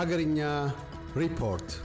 Hagarinya Report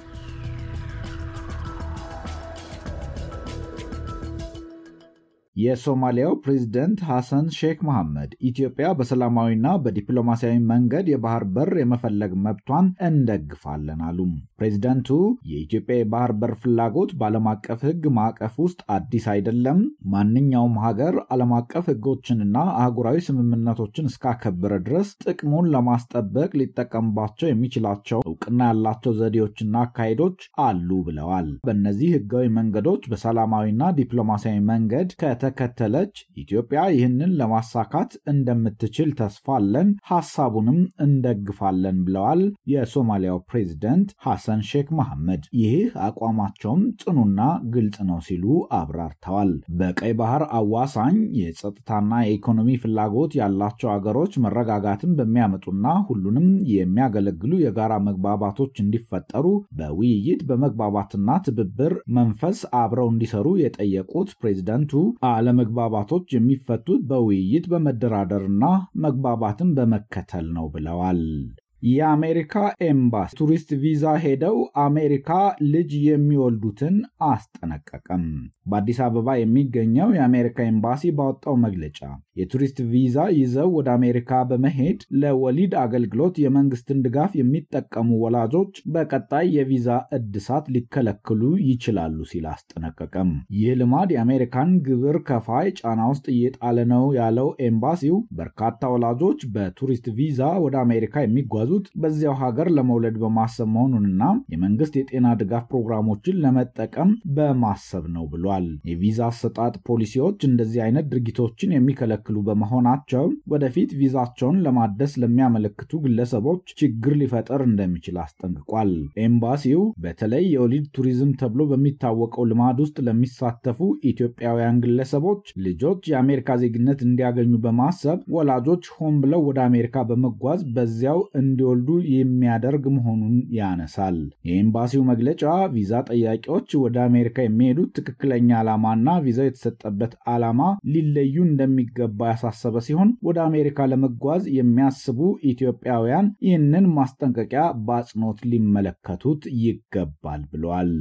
የሶማሊያው ፕሬዚደንት ሐሰን ሼክ መሐመድ ኢትዮጵያ በሰላማዊና በዲፕሎማሲያዊ መንገድ የባህር በር የመፈለግ መብቷን እንደግፋለን አሉ። ፕሬዚደንቱ የኢትዮጵያ የባህር በር ፍላጎት በዓለም አቀፍ ሕግ ማዕቀፍ ውስጥ አዲስ አይደለም። ማንኛውም ሀገር ዓለም አቀፍ ሕጎችንና አህጉራዊ ስምምነቶችን እስካከበረ ድረስ ጥቅሙን ለማስጠበቅ ሊጠቀምባቸው የሚችላቸው እውቅና ያላቸው ዘዴዎችና አካሄዶች አሉ ብለዋል። በእነዚህ ሕጋዊ መንገዶች በሰላማዊና ዲፕሎማሲያዊ መንገድ ከተ ከተከተለች ኢትዮጵያ ይህንን ለማሳካት እንደምትችል ተስፋለን ሐሳቡንም እንደግፋለን ብለዋል የሶማሊያው ፕሬዚደንት ሐሰን ሼክ መሐመድ። ይህ አቋማቸውም ጽኑና ግልጽ ነው ሲሉ አብራርተዋል። በቀይ ባህር አዋሳኝ የጸጥታና የኢኮኖሚ ፍላጎት ያላቸው አገሮች መረጋጋትን በሚያመጡና ሁሉንም የሚያገለግሉ የጋራ መግባባቶች እንዲፈጠሩ በውይይት በመግባባትና ትብብር መንፈስ አብረው እንዲሰሩ የጠየቁት ፕሬዚደንቱ አለመግባባቶች የሚፈቱት በውይይት በመደራደርና መግባባትን በመከተል ነው ብለዋል። የአሜሪካ ኤምባሲ ቱሪስት ቪዛ ሄደው አሜሪካ ልጅ የሚወልዱትን አስጠነቀቀም። በአዲስ አበባ የሚገኘው የአሜሪካ ኤምባሲ ባወጣው መግለጫ የቱሪስት ቪዛ ይዘው ወደ አሜሪካ በመሄድ ለወሊድ አገልግሎት የመንግስትን ድጋፍ የሚጠቀሙ ወላጆች በቀጣይ የቪዛ እድሳት ሊከለክሉ ይችላሉ ሲል አስጠነቀቀም። ይህ ልማድ የአሜሪካን ግብር ከፋይ ጫና ውስጥ እየጣለ ነው ያለው ኤምባሲው በርካታ ወላጆች በቱሪስት ቪዛ ወደ አሜሪካ የሚጓዙ የተያዙት በዚያው ሀገር ለመውለድ በማሰብ መሆኑንና የመንግስት የጤና ድጋፍ ፕሮግራሞችን ለመጠቀም በማሰብ ነው ብሏል። የቪዛ አሰጣጥ ፖሊሲዎች እንደዚህ አይነት ድርጊቶችን የሚከለክሉ በመሆናቸው ወደፊት ቪዛቸውን ለማደስ ለሚያመለክቱ ግለሰቦች ችግር ሊፈጠር እንደሚችል አስጠንቅቋል። ኤምባሲው በተለይ የወሊድ ቱሪዝም ተብሎ በሚታወቀው ልማድ ውስጥ ለሚሳተፉ ኢትዮጵያውያን ግለሰቦች ልጆች የአሜሪካ ዜግነት እንዲያገኙ በማሰብ ወላጆች ሆን ብለው ወደ አሜሪካ በመጓዝ በዚያው እንዲወልዱ የሚያደርግ መሆኑን ያነሳል። የኤምባሲው መግለጫ ቪዛ ጠያቂዎች ወደ አሜሪካ የሚሄዱት ትክክለኛ ዓላማና ቪዛው የተሰጠበት ዓላማ ሊለዩ እንደሚገባ ያሳሰበ ሲሆን ወደ አሜሪካ ለመጓዝ የሚያስቡ ኢትዮጵያውያን ይህንን ማስጠንቀቂያ በአጽንኦት ሊመለከቱት ይገባል ብሏል።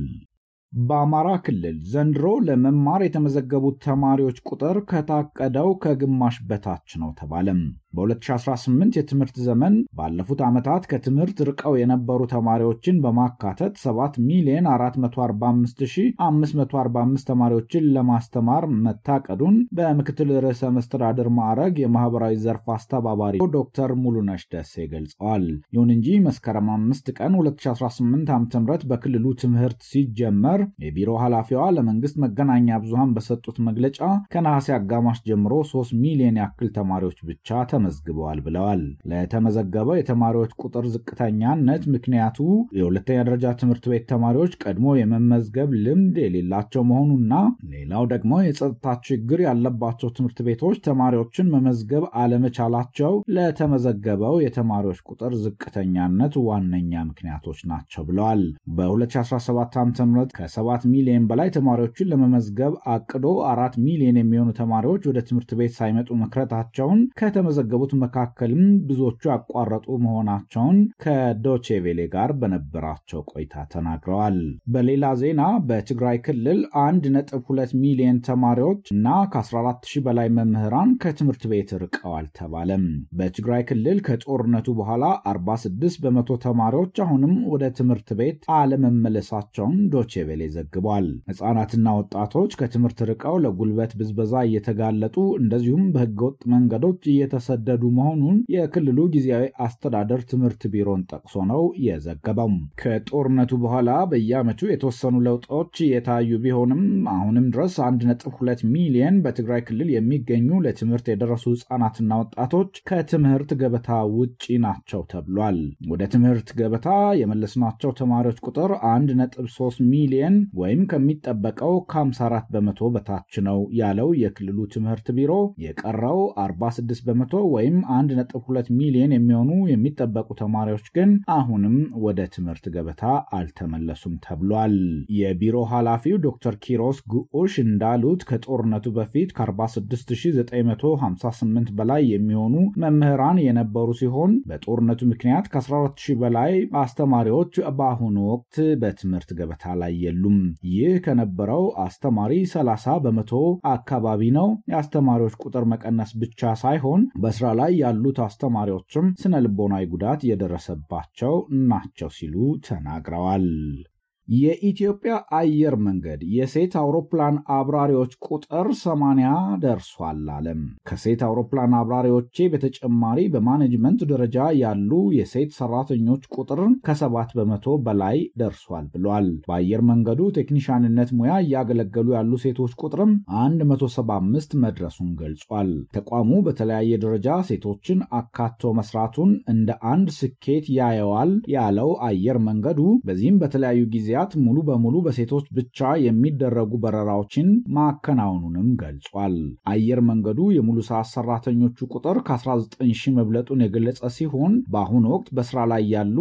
በአማራ ክልል ዘንድሮ ለመማር የተመዘገቡት ተማሪዎች ቁጥር ከታቀደው ከግማሽ በታች ነው ተባለም። በ2018 የትምህርት ዘመን ባለፉት ዓመታት ከትምህርት ርቀው የነበሩ ተማሪዎችን በማካተት 7 ሚሊዮን 445545 ተማሪዎችን ለማስተማር መታቀዱን በምክትል ርዕሰ መስተዳድር ማዕረግ የማህበራዊ ዘርፍ አስተባባሪ ዶክተር ሙሉነሽ ደሴ ገልጸዋል። ይሁን እንጂ መስከረም 5 ቀን 2018 ዓ.ም በክልሉ ትምህርት ሲጀመር የቢሮ ኃላፊዋ ለመንግስት መገናኛ ብዙሃን በሰጡት መግለጫ ከነሐሴ አጋማሽ ጀምሮ 3 ሚሊዮን ያክል ተማሪዎች ብቻ ተ። ተመዝግበዋል ብለዋል። ለተመዘገበው የተማሪዎች ቁጥር ዝቅተኛነት ምክንያቱ የሁለተኛ ደረጃ ትምህርት ቤት ተማሪዎች ቀድሞ የመመዝገብ ልምድ የሌላቸው መሆኑና ሌላው ደግሞ የጸጥታ ችግር ያለባቸው ትምህርት ቤቶች ተማሪዎችን መመዝገብ አለመቻላቸው ለተመዘገበው የተማሪዎች ቁጥር ዝቅተኛነት ዋነኛ ምክንያቶች ናቸው ብለዋል። በ2017 ዓ ም ከ7 ሚሊዮን በላይ ተማሪዎችን ለመመዝገብ አቅዶ አራት ሚሊዮን የሚሆኑ ተማሪዎች ወደ ትምህርት ቤት ሳይመጡ መክረታቸውን ከተመዘገ ከዘገቡት መካከልም ብዙዎቹ ያቋረጡ መሆናቸውን ከዶቼቬሌ ጋር በነበራቸው ቆይታ ተናግረዋል። በሌላ ዜና በትግራይ ክልል 1.2 ሚሊዮን ተማሪዎች እና ከ140 በላይ መምህራን ከትምህርት ቤት ርቀዋል ተባለም። በትግራይ ክልል ከጦርነቱ በኋላ 46 በመቶ ተማሪዎች አሁንም ወደ ትምህርት ቤት አለመመለሳቸውን ዶቼቬሌ ዘግቧል። ህጻናትና ወጣቶች ከትምህርት ርቀው ለጉልበት ብዝበዛ እየተጋለጡ እንደዚሁም በህገወጥ መንገዶች እየተሰ እየተሰደዱ መሆኑን የክልሉ ጊዜያዊ አስተዳደር ትምህርት ቢሮን ጠቅሶ ነው የዘገበው። ከጦርነቱ በኋላ በየዓመቱ የተወሰኑ ለውጦች የታዩ ቢሆንም አሁንም ድረስ 1.2 ሚሊየን በትግራይ ክልል የሚገኙ ለትምህርት የደረሱ ህጻናትና ወጣቶች ከትምህርት ገበታ ውጪ ናቸው ተብሏል። ወደ ትምህርት ገበታ የመለስናቸው ተማሪዎች ቁጥር 1.3 ሚሊየን ወይም ከሚጠበቀው ከ54 በመቶ በታች ነው ያለው የክልሉ ትምህርት ቢሮ የቀረው 46 በመቶ ወይም 1.2 ሚሊዮን የሚሆኑ የሚጠበቁ ተማሪዎች ግን አሁንም ወደ ትምህርት ገበታ አልተመለሱም ተብሏል። የቢሮ ኃላፊው ዶክተር ኪሮስ ጉዑሽ እንዳሉት ከጦርነቱ በፊት ከ46958 በላይ የሚሆኑ መምህራን የነበሩ ሲሆን በጦርነቱ ምክንያት ከ14000 በላይ አስተማሪዎች በአሁኑ ወቅት በትምህርት ገበታ ላይ የሉም። ይህ ከነበረው አስተማሪ 30 በመቶ አካባቢ ነው። የአስተማሪዎች ቁጥር መቀነስ ብቻ ሳይሆን በ በስራ ላይ ያሉት አስተማሪዎችም ስነ ልቦናዊ ጉዳት የደረሰባቸው ናቸው ሲሉ ተናግረዋል። የኢትዮጵያ አየር መንገድ የሴት አውሮፕላን አብራሪዎች ቁጥር 80 ደርሷል አለም። ከሴት አውሮፕላን አብራሪዎቼ በተጨማሪ በማኔጅመንት ደረጃ ያሉ የሴት ሰራተኞች ቁጥር ከሰባት በመቶ በላይ ደርሷል ብሏል። በአየር መንገዱ ቴክኒሻንነት ሙያ እያገለገሉ ያሉ ሴቶች ቁጥርም 175 መድረሱን ገልጿል። ተቋሙ በተለያየ ደረጃ ሴቶችን አካቶ መስራቱን እንደ አንድ ስኬት ያየዋል ያለው አየር መንገዱ በዚህም በተለያዩ ጊዜ ጊዜያት ሙሉ በሙሉ በሴቶች ብቻ የሚደረጉ በረራዎችን ማከናወኑንም ገልጿል። አየር መንገዱ የሙሉ ሰዓት ሰራተኞቹ ቁጥር ከ19 ሺህ መብለጡን የገለጸ ሲሆን በአሁኑ ወቅት በስራ ላይ ያሉ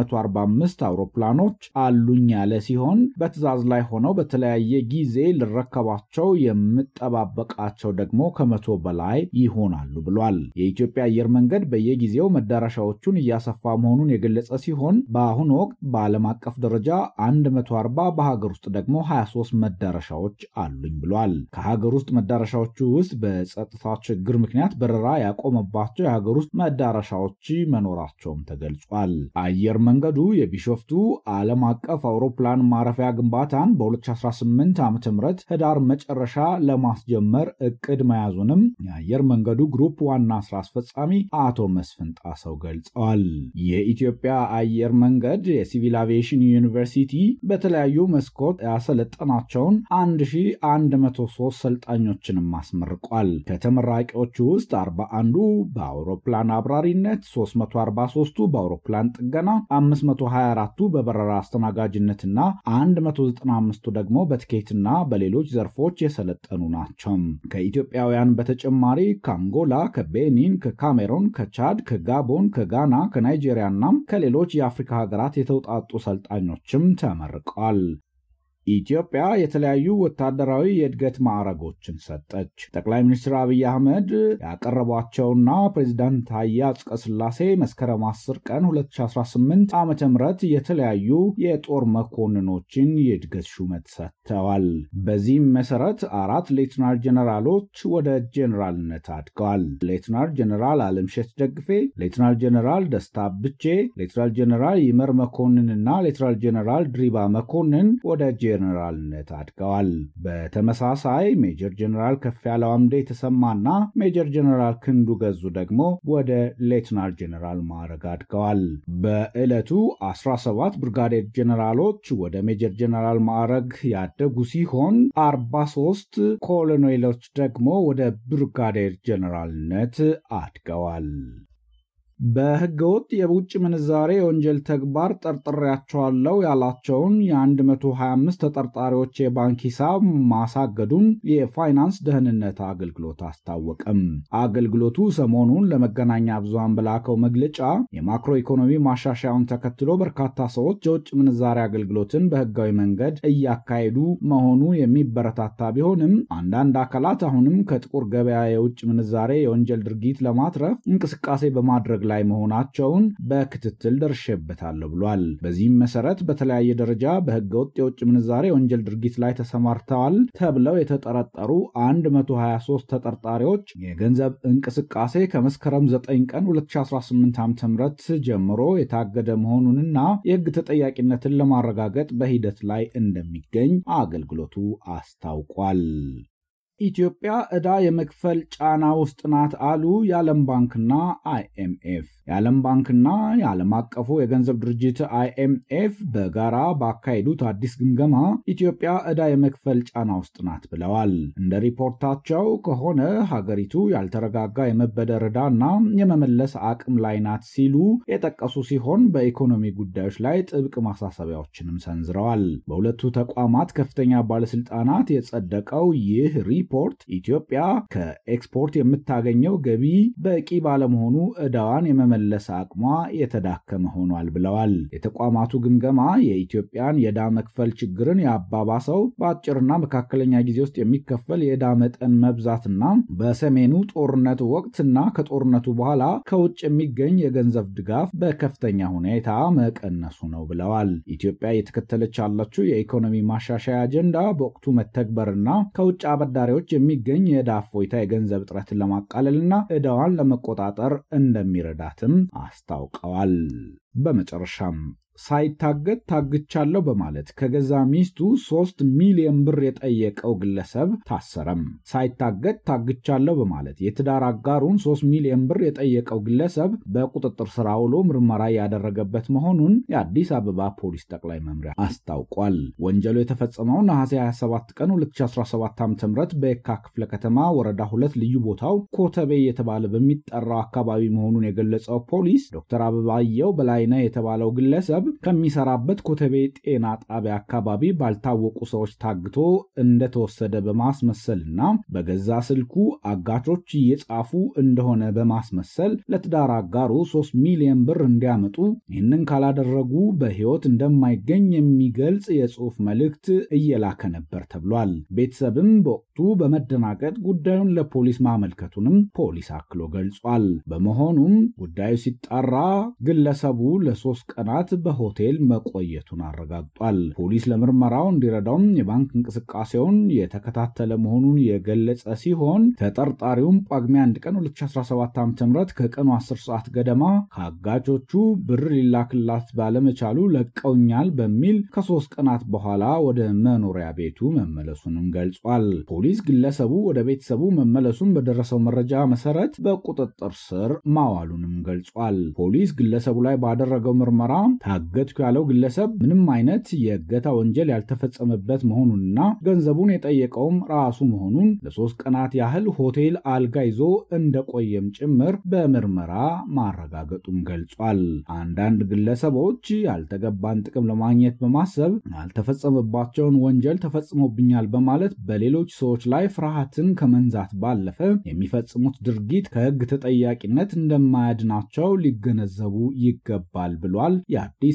145 አውሮፕላኖች አሉኝ ያለ ሲሆን በትዕዛዝ ላይ ሆነው በተለያየ ጊዜ ልረከባቸው የምጠባበቃቸው ደግሞ ከመቶ በላይ ይሆናሉ ብሏል። የኢትዮጵያ አየር መንገድ በየጊዜው መዳረሻዎቹን እያሰፋ መሆኑን የገለጸ ሲሆን በአሁኑ ወቅት በዓለም አቀፍ ደረጃ 140 በሀገር ውስጥ ደግሞ 23 መዳረሻዎች አሉኝ ብሏል። ከሀገር ውስጥ መዳረሻዎቹ ውስጥ በጸጥታ ችግር ምክንያት በረራ ያቆመባቸው የሀገር ውስጥ መዳረሻዎች መኖራቸውም ተገልጿል። አየር መንገዱ የቢሾፍቱ ዓለም አቀፍ አውሮፕላን ማረፊያ ግንባታን በ2018 ዓ ም ህዳር መጨረሻ ለማስጀመር እቅድ መያዙንም የአየር መንገዱ ግሩፕ ዋና ስራ አስፈጻሚ አቶ መስፍን ጣሰው ገልጸዋል። የኢትዮጵያ አየር መንገድ የሲቪል አቪዬሽን ዩኒቨርሲቲ በተለያዩ መስኮት ያሰለጠናቸውን 1103 ሰልጣኞችንም አስመርቋል። ከተመራቂዎቹ ውስጥ 41 በአውሮፕላን አብራሪነት፣ 343ቱ በአውሮፕላን ጥገና፣ 524ቱ በበረራ አስተናጋጅነትና 195ቱ ደግሞ በትኬትና በሌሎች ዘርፎች የሰለጠኑ ናቸው። ከኢትዮጵያውያን በተጨማሪ ከአንጎላ፣ ከቤኒን፣ ከካሜሮን፣ ከቻድ፣ ከጋቦን፣ ከጋና፣ ከናይጄሪያና ከሌሎች የአፍሪካ ሀገራት የተውጣጡ ሰልጣኞችም አማርቀዋል። ኢትዮጵያ የተለያዩ ወታደራዊ የእድገት ማዕረጎችን ሰጠች። ጠቅላይ ሚኒስትር አብይ አህመድ ያቀረቧቸውና ፕሬዚዳንት ታዬ ስላሴ መስከረም 10 ቀን 2018 ዓ ም የተለያዩ የጦር መኮንኖችን የእድገት ሹመት ሰጥተዋል። በዚህም መሰረት አራት ሌትናር ጀነራሎች ወደ ጀኔራልነት አድገዋል። ሌትናር ጀነራል አለምሸት ደግፌ፣ ሌትናር ጀነራል ደስታ ብቼ፣ ሌትናል ጀነራል ይመር መኮንንና ሌትናል ጀነራል ድሪባ መኮንን ወደ ጀነራልነት አድገዋል። በተመሳሳይ ሜጀር ከፍ ከፍያለው አምዴ የተሰማና ሜጀር ጀነራል ክንዱ ገዙ ደግሞ ወደ ሌትናል ጀነራል ማዕረግ አድገዋል። በዕለቱ 17 ብርጋዴር ጀነራሎች ወደ ሜጀር ጀነራል ማዕረግ ያደጉ ሲሆን 43 ኮሎኔሎች ደግሞ ወደ ብርጋዴር ጀነራልነት አድገዋል። በህገወጥ የውጭ ምንዛሬ የወንጀል ተግባር ጠርጥሬያቸዋለሁ ያላቸውን የ125 ተጠርጣሪዎች የባንክ ሂሳብ ማሳገዱን የፋይናንስ ደህንነት አገልግሎት አስታወቀም። አገልግሎቱ ሰሞኑን ለመገናኛ ብዙሃን በላከው መግለጫ የማክሮ ኢኮኖሚ ማሻሻያውን ተከትሎ በርካታ ሰዎች የውጭ ምንዛሬ አገልግሎትን በህጋዊ መንገድ እያካሄዱ መሆኑ የሚበረታታ ቢሆንም አንዳንድ አካላት አሁንም ከጥቁር ገበያ የውጭ ምንዛሬ የወንጀል ድርጊት ለማትረፍ እንቅስቃሴ በማድረግ ላይ መሆናቸውን በክትትል ደርሼበታለሁ ብሏል። በዚህም መሰረት በተለያየ ደረጃ በህገ ወጥ የውጭ ምንዛሬ ወንጀል ድርጊት ላይ ተሰማርተዋል ተብለው የተጠረጠሩ 123 ተጠርጣሪዎች የገንዘብ እንቅስቃሴ ከመስከረም 9 ቀን 2018 ዓ.ም ጀምሮ የታገደ መሆኑንና የህግ ተጠያቂነትን ለማረጋገጥ በሂደት ላይ እንደሚገኝ አገልግሎቱ አስታውቋል። ኢትዮጵያ ዕዳ የመክፈል ጫና ውስጥ ናት አሉ የዓለም ባንክና አይኤምኤፍ። የዓለም ባንክና የዓለም አቀፉ የገንዘብ ድርጅት አይኤምኤፍ በጋራ ባካሄዱት አዲስ ግምገማ ኢትዮጵያ ዕዳ የመክፈል ጫና ውስጥ ናት ብለዋል። እንደ ሪፖርታቸው ከሆነ ሀገሪቱ ያልተረጋጋ የመበደር ዕዳና የመመለስ አቅም ላይ ናት ሲሉ የጠቀሱ ሲሆን በኢኮኖሚ ጉዳዮች ላይ ጥብቅ ማሳሰቢያዎችንም ሰንዝረዋል። በሁለቱ ተቋማት ከፍተኛ ባለስልጣናት የጸደቀው ይህ ሪፖርት ኢትዮጵያ ከኤክስፖርት የምታገኘው ገቢ በቂ ባለመሆኑ ዕዳዋን የመመለስ አቅሟ የተዳከመ ሆኗል ብለዋል። የተቋማቱ ግምገማ የኢትዮጵያን የዕዳ መክፈል ችግርን ያባባሰው በአጭርና መካከለኛ ጊዜ ውስጥ የሚከፈል የዕዳ መጠን መብዛትና በሰሜኑ ጦርነት ወቅትና ከጦርነቱ በኋላ ከውጭ የሚገኝ የገንዘብ ድጋፍ በከፍተኛ ሁኔታ መቀነሱ ነው ብለዋል። ኢትዮጵያ እየተከተለች ያለችው የኢኮኖሚ ማሻሻያ አጀንዳ በወቅቱ መተግበርና ከውጭ አበዳሪ ተበዳዮች የሚገኝ የዕዳ እፎይታ የገንዘብ እጥረትን ለማቃለልና ዕዳዋን ለመቆጣጠር እንደሚረዳትም አስታውቀዋል። በመጨረሻም ሳይታገድ ታግቻለሁ በማለት ከገዛ ሚስቱ ሶስት ሚሊዮን ብር የጠየቀው ግለሰብ ታሰረም። ሳይታገድ ታግቻለሁ በማለት የትዳር አጋሩን ሶስት ሚሊዮን ብር የጠየቀው ግለሰብ በቁጥጥር ስር ውሎ ምርመራ ያደረገበት መሆኑን የአዲስ አበባ ፖሊስ ጠቅላይ መምሪያ አስታውቋል። ወንጀሉ የተፈጸመው ነሐሴ 27 ቀን 2017 ዓ ም በየካ ክፍለ ከተማ ወረዳ ሁለት ልዩ ቦታው ኮተቤ የተባለ በሚጠራው አካባቢ መሆኑን የገለጸው ፖሊስ ዶክተር አበባየው በላይነህ የተባለው ግለሰብ ከሚሰራበት ኮተቤ ጤና ጣቢያ አካባቢ ባልታወቁ ሰዎች ታግቶ እንደተወሰደ በማስመሰልና በገዛ ስልኩ አጋቾች እየጻፉ እንደሆነ በማስመሰል ለትዳር አጋሩ ሶስት ሚሊዮን ብር እንዲያመጡ ይህንን ካላደረጉ በሕይወት እንደማይገኝ የሚገልጽ የጽሑፍ መልእክት እየላከ ነበር ተብሏል። ቤተሰብም በወቅቱ በመደናቀጥ ጉዳዩን ለፖሊስ ማመልከቱንም ፖሊስ አክሎ ገልጿል። በመሆኑም ጉዳዩ ሲጣራ ግለሰቡ ለሶስት ቀናት በ ሆቴል መቆየቱን አረጋግጧል። ፖሊስ ለምርመራው እንዲረዳውም የባንክ እንቅስቃሴውን የተከታተለ መሆኑን የገለጸ ሲሆን ተጠርጣሪውም ጳጉሜ 1 ቀን 2017 ዓ ም ከቀኑ 10 ሰዓት ገደማ ከአጋቾቹ ብር ሊላክላት ባለመቻሉ ለቀውኛል በሚል ከሶስት ቀናት በኋላ ወደ መኖሪያ ቤቱ መመለሱንም ገልጿል። ፖሊስ ግለሰቡ ወደ ቤተሰቡ መመለሱን በደረሰው መረጃ መሰረት በቁጥጥር ስር ማዋሉንም ገልጿል። ፖሊስ ግለሰቡ ላይ ባደረገው ምርመራ አገትኩ ያለው ግለሰብ ምንም አይነት የእገታ ወንጀል ያልተፈጸመበት መሆኑንና ገንዘቡን የጠየቀውም ራሱ መሆኑን ለሶስት ቀናት ያህል ሆቴል አልጋ ይዞ እንደቆየም ጭምር በምርመራ ማረጋገጡን ገልጿል። አንዳንድ ግለሰቦች ያልተገባን ጥቅም ለማግኘት በማሰብ ያልተፈጸመባቸውን ወንጀል ተፈጽሞብኛል በማለት በሌሎች ሰዎች ላይ ፍርሃትን ከመንዛት ባለፈ የሚፈጽሙት ድርጊት ከህግ ተጠያቂነት እንደማያድናቸው ሊገነዘቡ ይገባል ብሏል። የአዲስ